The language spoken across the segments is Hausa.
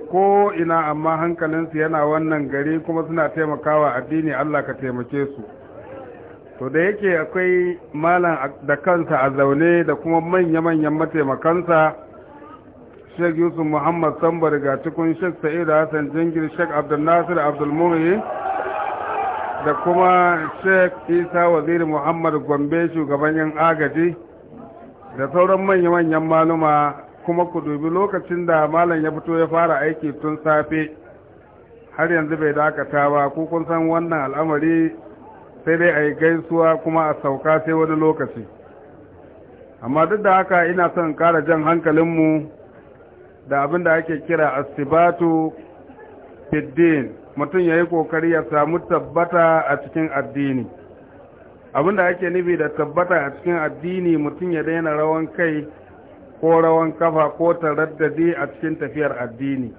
ko ina amma hankalinsu yana wannan gari kuma suna taimakawa addini Allah ka taimake su to da yake akwai malam da kansa a zaune da kuma manya-manyan mataimakansa sheik yusuf muhammad sambar ga cikin sheik sa'id hassan jingir sheik abdulnasir abdulmuhi da kuma sheik isa waziri muhammad gombe shugaban yan agaji da sauran manya-manyan maluma kuma ku dubi lokacin da malam ya fito ya fara aiki tun safe har yanzu bai dakata ba ko kun san wannan al'amari sai dai a yi gaisuwa kuma a sauka sai wani lokaci amma duk da haka ina son kara jan hankalinmu da abin da ake kira asibatu fiddin mutum ya yi kokari ya samu tabbata a cikin addini abin da ake nufi da tabbata a cikin addini mutum ya daina rawan kai ko rawan kafa ko taraddadi a cikin tafiyar addini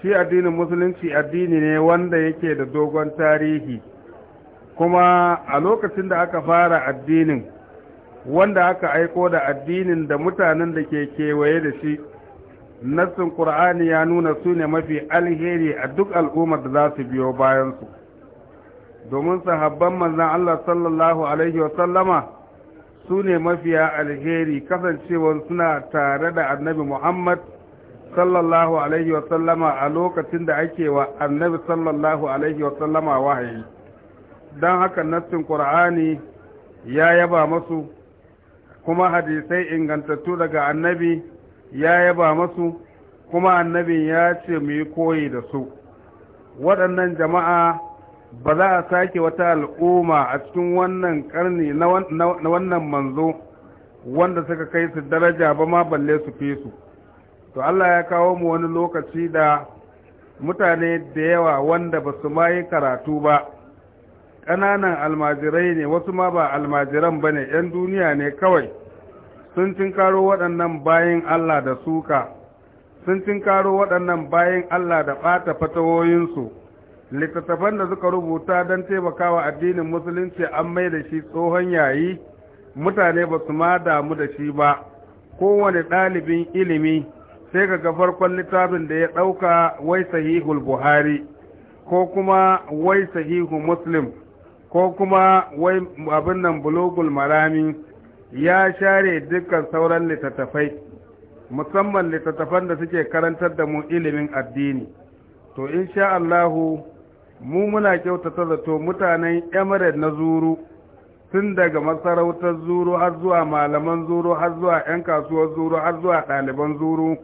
shi addinin musulunci addini ne wanda yake da dogon tarihi kuma a lokacin da aka fara addinin wanda aka aiko da addinin da mutanen da ke kewaye da shi nassin ƙur'ani ya nuna su ne mafi alheri a duk al'ummar da za su biyo bayansu domin sahabban manzan Allah sallallahu Alaihi wasallama su ne mafiya alheri kasancewar suna tare da annabi muhammad sallallahu alaihi wasallama a lokacin da ake wa annabi sallallahu alaihi wasallama wahayi don haka nassin ƙur'ani ya yaba masu kuma hadisai ingantattu daga annabi ya yaba masu kuma annabi ya ce mu yi koyi da su waɗannan jama'a ba za a sake wata al'umma a cikin wannan karni na wannan manzo wanda suka kai su daraja ba ma balle su fi su to Allah ya kawo mu wani lokaci da mutane da yawa wanda ba su ma yi karatu ba ƙananan almajirai ne wasu ma ba almajiran ba ne 'yan duniya ne kawai sun cinkaro waɗannan bayan Allah da suka sun cinkaro waɗannan bayan Allah da ɓata fatawoyinsu littattafan da suka rubuta don taimakawa addinin musulunci an mai da shi tsohon yayi mutane ba su ma damu da shi ba kowane ɗalibin ilimi sai ga farkon littafin da ya ɗauka wai sahihul buhari ko kuma wai sahihu muslim ko kuma wai abin nan bulogul marami ya share dukkan sauran littattafai musamman littattafan da suke karantar da mu ilimin addini to insha Allahu mu muna kyautata zato mutanen emirate na zuru tun daga masarautar zuru har zuwa malaman zuru har zuwa 'yan kasuwar zuru har zuwa ɗaliban zuru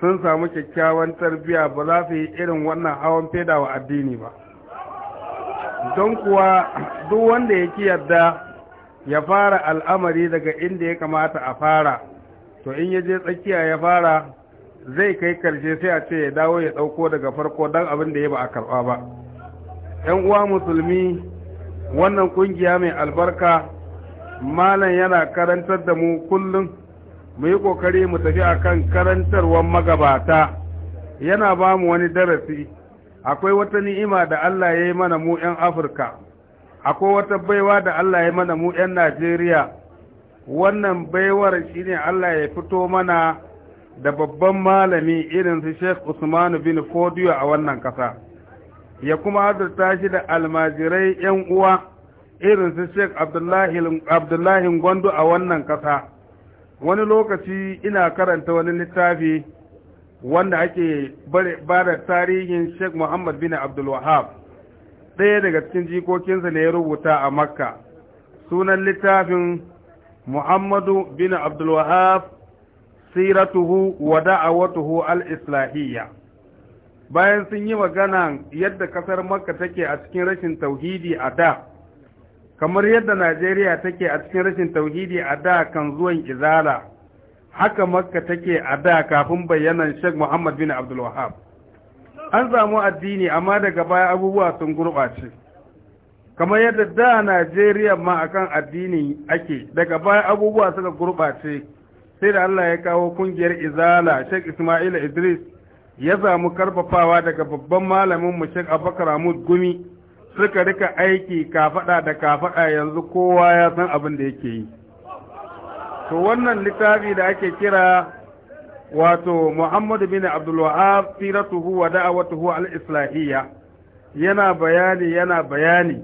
sun samu kyakkyawan tarbiyya ba za su yi irin wannan hawan feda wa addini ba don kuwa duk wanda ya ki yarda ya fara al'amari daga inda ya kamata a fara to in ya je tsakiya ya fara zai kai karshe sai a ce ya dawo ya ɗauko daga farko don abin da ya ba a karɓa ba 'yan uwa musulmi wannan kungiya mai albarka malam yana karantar da mu kullum mu yi kokari mu tafi a kan karantarwar magabata yana ba mu wani darasi akwai wata ni'ima da Allah ya yi mana mu 'yan Afirka akwai wata baiwa da Allah ya yi mana mu 'yan Najeriya wannan baiwar shine Allah ya fito mana da babban malami irin su Sheikh usmanu bin Fodiyo a wannan kasa. ya kuma azurta shi da almajirai 'yan uwa irin su sheik abdullahi gwandu a wannan kasa wani lokaci ina karanta wani littafi wanda ake ba da tarihin sheik muhammad bin abdulwahab ɗaya daga cikin jikokinsa ne ya rubuta a makka sunan littafin muhammadu bin abdulwahab siratuhu wa da'awatuhu al-islahiyya bayan sun yi magana yadda kasar makka take a cikin rashin tauhidi a da kamar yadda najeriya take a cikin rashin tauhidi a da kan zuwan izala haka makka take a da kafin bayanan sheikh muhammad bin abdulwahab an samu addini amma daga baya abubuwa sun gurɓace kamar yadda da najeriya ma akan addini ake daga baya abubuwa suka gurbace sai da allah ya kawo kungiyar izala sheikh ismaila idris ya samu karfafawa daga babban malamin mu Sheikh Abubakar Ahmad Gumi suka rika aiki kafada da kafada yanzu kowa ya san abin da yake yi to wannan littafi da ake kira wato Muhammad bin Abdul Wahab siratuhu wa da'watuhu al-islahiyya yana bayani yana bayani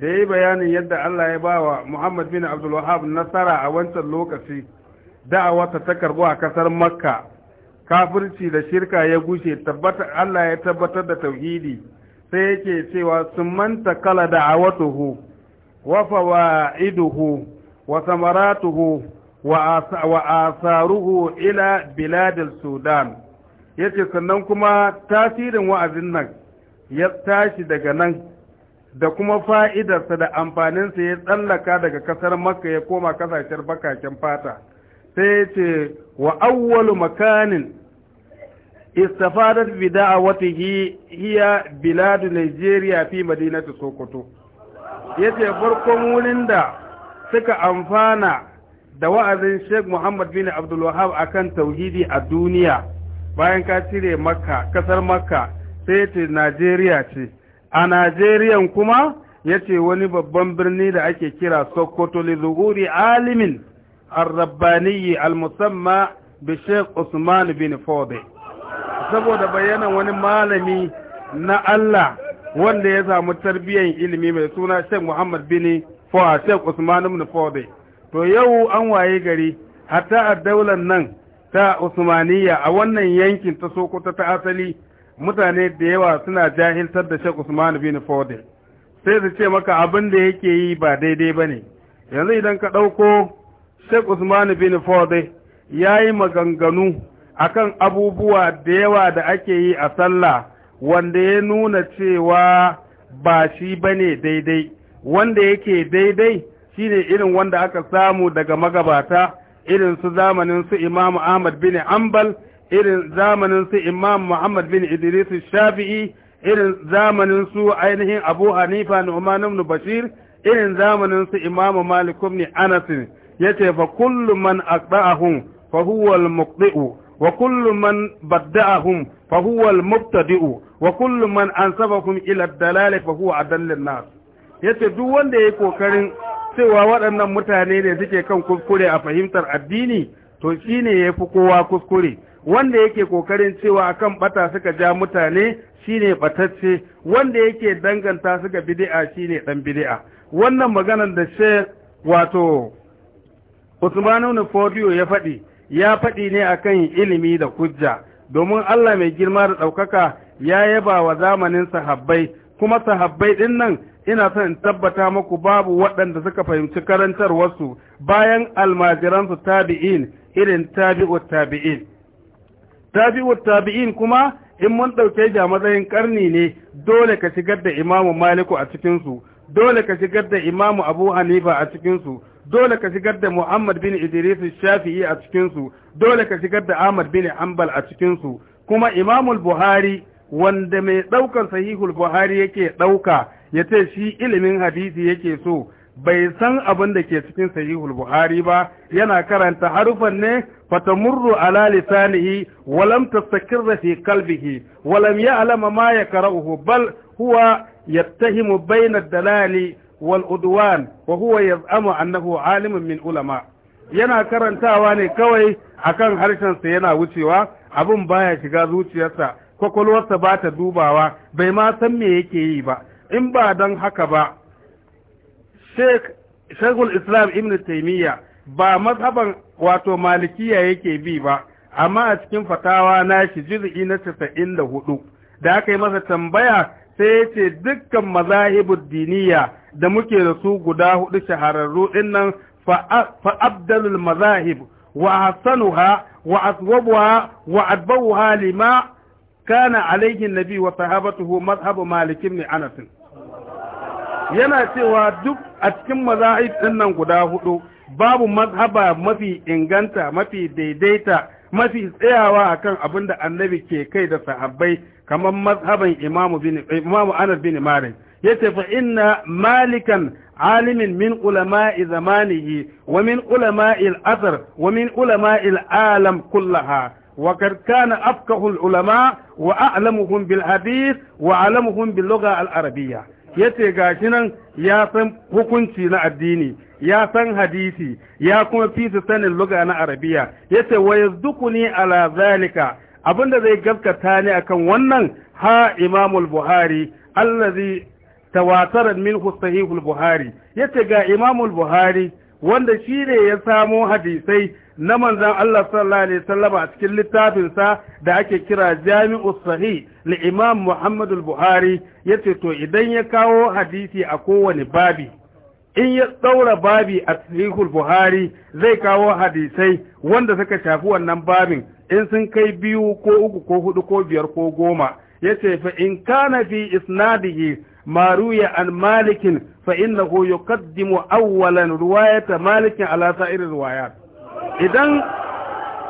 da yi bayanin yadda Allah ya bawa Muhammad bin Abdul Wahab nasara a wancan lokaci da'awarsa ta karbu a kasar Makka kafirci da shirka ya gushe tabbata Allah ya tabbatar da tauhidi sai yake cewa sun manta kala awatuhu wa fawaiduhu wa samaratuhu wa asaruhu ila biladil sudan yace sannan kuma tasirin wa'azin nan ya tashi daga nan da kuma fa'idarsa da amfaninsa ya tsallaka daga kasar maka ya koma kasashen bakakin fata sai yace wa awwalu makanin istafadat bi da'awatihi hiya biladu Nigeria fi madinatu Sokoto yace farkon wurin da suka amfana da wa'azin Sheikh Muhammad bin Abdul Wahhab akan tauhidi a duniya bayan ka cire Makka kasar Makka sai ce Najeriya ce a Najeriyan kuma yace wani babban birni da ake kira Sokoto li zuhuri alimin الرباني المسمى بشيخ عثمان بن فوضي saboda bayanan wani malami na Allah wanda ya samu tarbiyyar ilimi mai suna Sheikh Muhammad bin Fuad Sheikh Usman ibn Fodi to yau an waye gari hatta a daular nan ta Usmaniya a wannan yankin ta Sokoto ta asali mutane da yawa suna jahiltar da Sheikh Usman bin Fodi sai su ce maka abin da yake yi ba daidai bane yanzu idan ka dauko Sheikh Usman bin Fode ya yi maganganu akan abubuwa da yawa da ake yi a sallah wanda ya nuna cewa ba shi bane daidai wanda yake daidai shine irin wanda aka samu daga magabata irin su zamanin su Imam Ahmad bin Ambal irin zamanin su Imam Muhammad bin Idris Shafi'i irin zamanin su ainihin Abu Hanifa Nu'man ibn Bashir irin zamanin su Imam Malik ibn Anas yace fa kullu man aqda'ahum fa huwa al-muqdi'u wa kullu man badda'ahum fa huwa mubtadiu wa kullu man ansabahum ila ad-dalal fa huwa adallu nas yace duk wanda yayi kokarin cewa waɗannan mutane ne suke kan kuskure a fahimtar addini to shine yafi kowa kuskure wanda yake kokarin cewa akan bata suka ja mutane shine batacce wanda yake danganta suka bid'a shine dan bid'a wannan maganar da shi wato Usmanu na Fodiyo ya faɗi, ya faɗi ne a kan ilimi da kujja domin Allah mai girma da ɗaukaka ya yaba wa zamanin sahabbai, kuma sahabbai ɗin nan ina son in tabbata muku babu waɗanda suka fahimci karantarwarsu bayan almajiransu tabi'in irin tabi'ut tabi'in. Tabi'ut tabi'in kuma in mun ɗauke da matsayin ƙarni ne dole ka shigar da imamu Maliku a cikinsu, dole ka shigar da imamu Abu Hanifa a cikinsu, dole ka shigar da Muhammad bin Idris Shafi'i a cikin su dole ka shigar da Ahmad bin Hanbal a cikin su kuma Imam Buhari wanda mai ɗaukar Sahihul Buhari yake ɗauka ya ce shi ilimin hadisi yake so bai san abin da ke cikin Sahihul Buhari ba yana karanta harufan ne fatamurru ala lisanihi walam tastakirra fi qalbihi walam ya'lama ma yakra'uhu bal huwa yattahimu bayna dalali والعدوان وهو يزعم annahu عالم من علماء yana karantawa ne kawai akan harshensa yana wucewa abin baya shiga zuciyarsa kwakwalwarsa ba ta dubawa bai ma san me yake yi ba in ba don haka ba shekul islam ibn taimiyya ba mazhaban wato malikiya yake bi ba amma a cikin fatawa na shi juz'i na casa'in da hudu da aka yi masa tambaya sai ya ce dukkan mazahibud diniya da muke da su guda hudu shahararru din nan fa abdalul mazahib wa hasanuha wa aswabuha wa adbawuha lima kana alaihi nabi wa sahabatuhu mazhabu malik ibn anas yana cewa duk a cikin mazahib din nan guda hudu babu mazhaba mafi inganta mafi daidaita mafi tsayawa akan abin da annabi ke kai da sahabbai kamar mazhaban imamu bin imamu Anas bin Malik yace fa inna malikan alimin min ulama'i zamanihi wa min ulama'i al-athar wa min ulama'i alam kullaha وقد كان أفقه wa وأعلمهم بالحديث وأعلمهم al arabiyya yace gashi nan ya san hukunci na addini ya san hadisi ya kuma fi su sanin luga na arabiya yace wa yazdukuni ala zalika abinda zai gaskata ni akan wannan ha imamul buhari allazi tawatara minhu sahihul buhari yace ga imamul buhari wanda shi ne ya samo hadisai na manzan Allah sallallahu alaihi wasallam a cikin littafinsa da ake kira Jami'u Sahih li Imam Muhammad al-Buhari yace to idan ya kawo hadisi a kowane babi in ya ɗaura babi a sahihul buhari zai kawo hadisai wanda suka shafi wannan babin in sun kai biyu ko uku ko hudu ko biyar ko goma Ya ce fa in kana fi isnadihi maruya an malikin fa innahu yuqaddimu awwalan ruwayata malikin ala irin ruwaya idan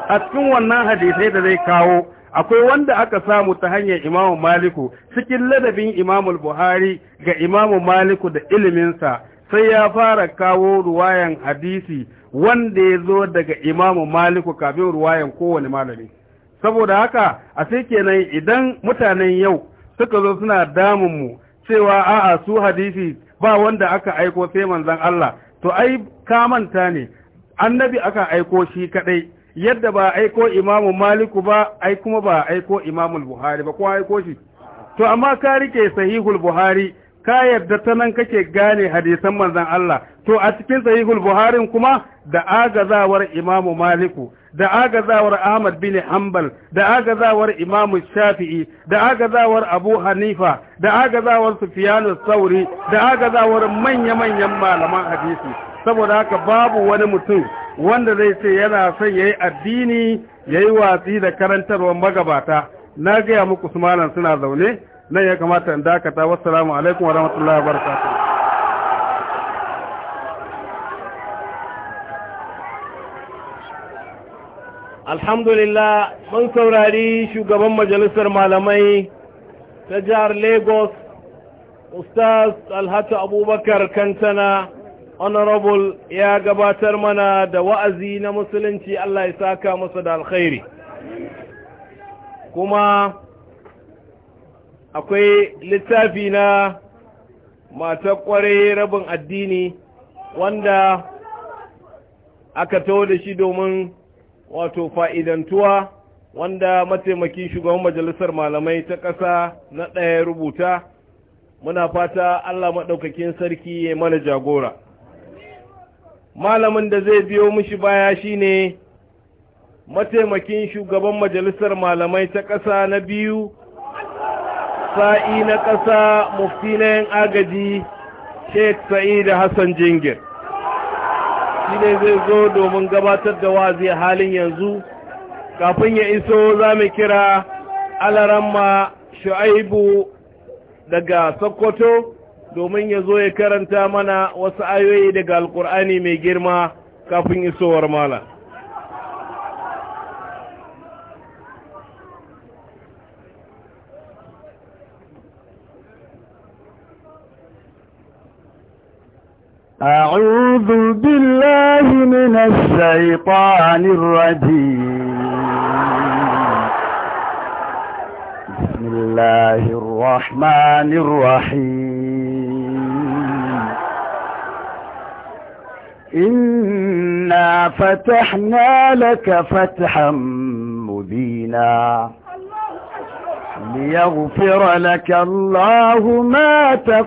a cikin wannan hadisai da zai kawo akwai wanda aka samu ta hanyar imamu maliku cikin ladabin imamu buhari ga imamu maliku da iliminsa sai ya fara kawo ruwayan hadisi wanda ya zo daga imamu maliku kafin ruwayan kowane malami saboda haka a sai kenan idan mutanen yau suka zo suna damunmu cewa a'a su hadisi ba wanda aka aiko sai manzon Allah to ai kamanta ne annabi aka aiko shi kaɗai yadda ba aiko imamu maliku ba ai kuma ba aiko imamu buhari ba ko aiko shi to amma ka rike sahihul buhari ka yarda ta nan kake gane hadisan manzon Allah to a cikin sahihul buharin kuma da agazawar imamu maliku da agazawar ahmad bin hanbal da agazawar imamu shafi'i da agazawar abu hanifa da agazawar sufiyanu sauri da agazawar manya-manyan malaman hadisi saboda haka babu wani mutum wanda zai ce yana son yayi addini yayi watsi da karantarwar magabata na gaya muku su malam suna zaune nan ya kamata in dakata wassalamu alaikum wa rahmatullahi wa barakatuh alhamdulillah mun saurari shugaban majalisar malamai ta jihar lagos ustaz alhatu abubakar kantana honorable ya gabatar mana da wa'azi na musulunci allah ya saka masa da alkhairi kuma akwai littafi na matar kwarai rabin addini wanda aka tawo da shi domin wato fa'idantuwa wanda mataimakin shugaban majalisar malamai ta ƙasa na ɗaya rubuta muna fata Allah maɗaukakin sarki ya mana jagora malamin da zai biyo mishi baya shine mataimakin shugaban majalisar malamai ta ƙasa na biyu sa'i na ƙasa mufti na yan agaji sheikh sa'id hassan jingir shi ne zai zo domin gabatar da wazi halin yanzu kafin ya iso za mu kira alaramma shu'aibu daga sokoto domin ya zo ya karanta mana wasu ayoyi daga alkur'ani mai girma kafin isowar malam أعوذ بالله من الشيطان الرجيم بسم الله الرحمن الرحيم إنا فتحنا لك فتحا مبينا ليغفر لك الله ما تقدم